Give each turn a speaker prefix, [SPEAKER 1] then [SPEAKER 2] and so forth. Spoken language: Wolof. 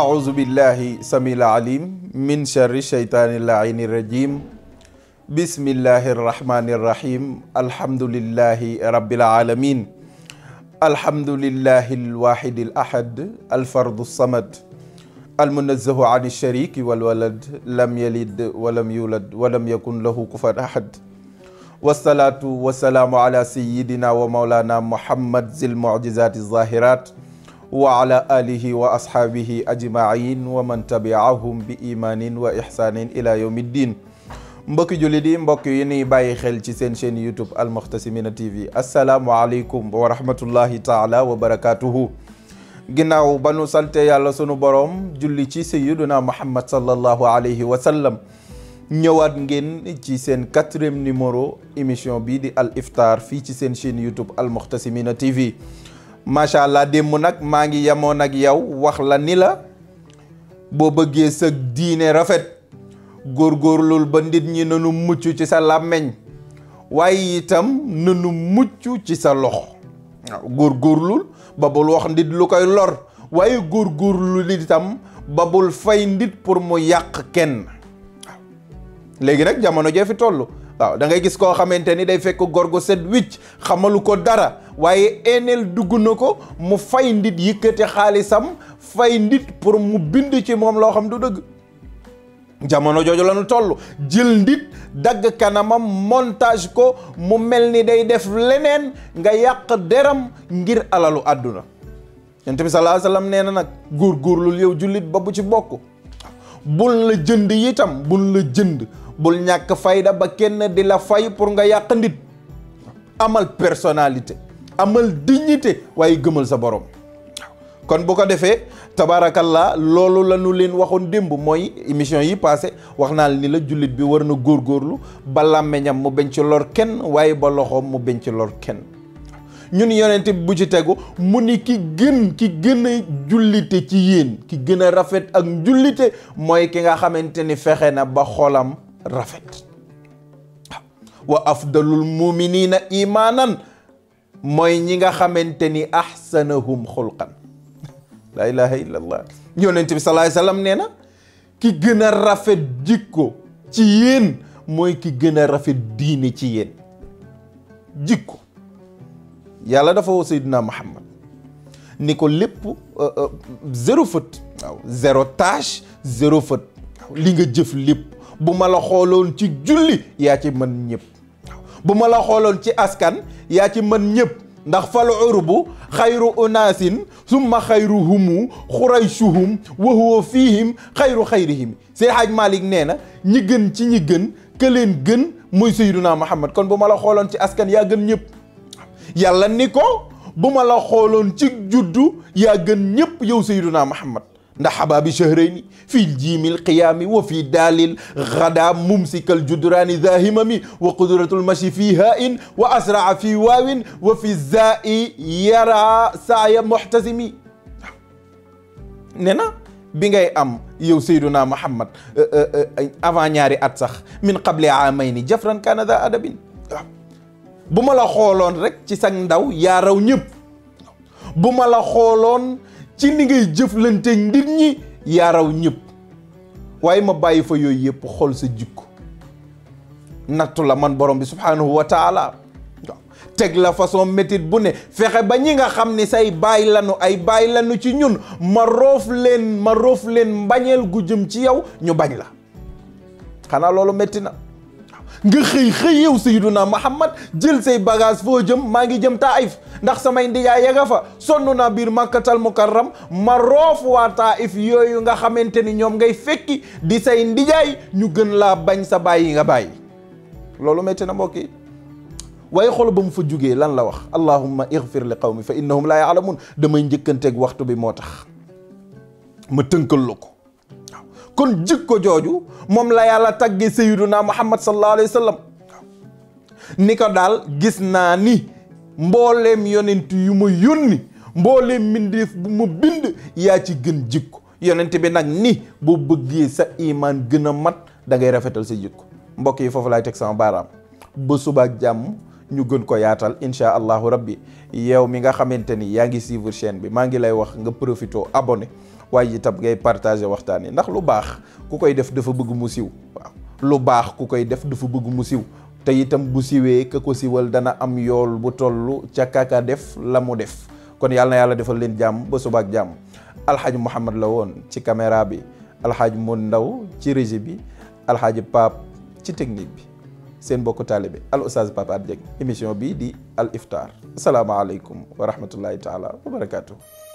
[SPEAKER 1] أعوذ بالله سميع العليم من شر الشيطان اللعين الرجيم بسم الله الرحمن الرحيم الحمد لله رب العالمين الحمد لله الواحد الأحد الفرد الصمد المنزه عن الشريك والولد لم يلد ولم يولد ولم يكن له كفر أحد والصلاة والسلام على سيدنا ومولانا محمد ذي المعجزات الظاهرات wa ala alihi wa ashaabihi ajmain wa man tabiahum bi imaanin wa ihsaanin ila yawmi ddin mbokki jullit yi mbokk yi nuy bàyyi xel ci seen chaîne youtube al muxtasimina tv asalaamualeykum wa rahmatullahi taala wa barakatuhu ginnaaw ba nu sante yàlla sunu boroom julli ci sayyiduna muhammad sallallahu alayhi wa sallam ñëwaat ngeen ci seen quatrième numéro émission bii di al iftar fii ci seen chaîne youtube al muxtasimina tv macha allah démb nag maa ngi yemoon ak yow wax la ni la boo bëggee sa diine rafet góor góorlul ba nit ñi nanu mucc ci sa làmmeñ waaye itam nanu mucc ci sa loxo góor góorgóorlul ba bul wax nit lu koy lor waaye góor góorgóorlul itam ba bul fay nit pour mu yàq kenn waaw léegi nag jamono jee fi toll waaw da ngay gis koo xamante ni day fekk góor gu set wicc xamalu ko dara waaye eneel dugg na ko mu fay ndit yëkkati xaalisam fay ndit pour mu bind ci moom loo xam du dëgg jamono jooju la ñu toll jël ndit dagg kanamam montage ko mu mel ni day def leneen nga yàq deram ngir alalu àdduna yonent bi sallallahu alayhi wasallam nee na nag góorgóorlul yow jullit ba bu ci bokk bul la jënd itam bul la jënd bul ñàkk fayda ba kenn di la fay pour nga yàq nit amal personnalité amal dignité waaye gëmal sa borom kon bu ko defee tabaarakallaa loolu la ñu leen waxoon démb mooy émission yi passé wax naa ni la jullit bi war na góor góorlu ba làmmeñam mu bañ ci lor kenn waaye ba loxoom mu bañ ci lor kenn ñun yonent bu ci tegu mu ni ki gën ki gën a jullite ci yéen ki gëna rafet ak jullite mooy ki nga xamante ni fexe na ba xolam rafet wa afdalul muminina imaanan mooy ñi nga xamante ni ahsanahum xulqan laa ilaha illa allah yonent bi salaay salaam nee na ki gën a rafet jikko ci yéen mooy ki gën rafet diine ci yéen jikko yàlla dafa woo Seydina Muhammad ni ko lépp euh, euh, zéro faute waaw zéro tâche zéro faute li nga jëf lépp bu ma la xooloon ci julli yaa ci mën ñëpp bu ma la xooloon ci askan yaa ci man ñëpp ndax fal urbu xayru unaasin summa xayru humu xuraysuhum wa fii fiihim xayru xayrihim Seydi Hajj Malick nee na ñi gën ci ñi gën ka leen gën muy Seyduna Muhammad kon bu ma la xooloon ci askan yaa gën ñëpp yàlla ni ko bu ma la xooloon ci juddu yaa gën ñëpp yow Seyduna Muhammad نحباب بشهرين في الجيم القيام وفي دال غدا ممسك الجدران ذا همم وقدرة المشي في هاء وأسرع في واو وفي الزاء يرى سعي محتزم نينا بيغي أم يو سيدنا محمد أفانياري أتسخ من قبل عامين جفرا كان ذا أدب بمالا خولون رك تسان داو يارو نيب بمالا خولون ci ni ngay jëflante nit ñi yaaraw ñépp waaye ma bàyyi fa yooyu yëpp xool sa jikko nattu la man borom bi subhaanahu wa taala teg la façon métit bu ne fexe ba ñi nga xam ni say baay lanu ay baay lanu ci ñun ma roof leen ma roof leen mbañeel gu jëm ci yow ñu bañ la xanaa loolu métti na nga xëy xëy yow Sayyiduna Muhammad jël say bagage foo jëm maa ngi jëm Taif ndax samay ndiyaay yaga fa sonn naa biir Makkatal Mukarram ma roof waa Taif yooyu nga xamante ni ñoom ngay fekki di say ndijaay ñu gën laa bañ sa bàyyi nga bàyyi loolu métti na mbokk yi waaye xol ba mu fa jógee lan la wax allahumma ighfir li qawmi fa innahum laa yaalamun damay njëkkanteeg waxtu bi moo tax ma tënkal la ko kon jikko jooju moom la yàlla tagge sayyiduna muhammad sallallahu alayhi wa sallam ni ko daal gis naa ni mbooleem yonent yu ma yónni mbooleem mbindeef bu ma bind yaa ci gën jikko yonent bi nag ni boo bëggee sa imaan gën a mat da ngay rafetal sa ko mbokk yi foofu laay teg sama baaraam ba subaak jàmm ñu gën ko yaatal incha allahu rabbi yow mi nga xamante ni yaa ngi suivre chaîne bi maa ngi lay wax nga profito abonné waaye itam ngay partager waxtani ndax lu bax ku koy def dafa bëgg mu siw lu bax ku koy def dafa bëgg mu siw te itam bu siwé ke ko siwal dana am yool bu tollu ca kaka def la mu def kon yàlla na yàlla defal len jam ba subaak jàmm alxaaji Mouhamed la woon ci caméra bi alhaj Mun Ndaw ci régie bi alxaaji pap ci technique bi sen bokku talibé al oustaz pap adjek émission bi di al iftar asalaamaaleykum wa rahmatullahi taala wa barakatuh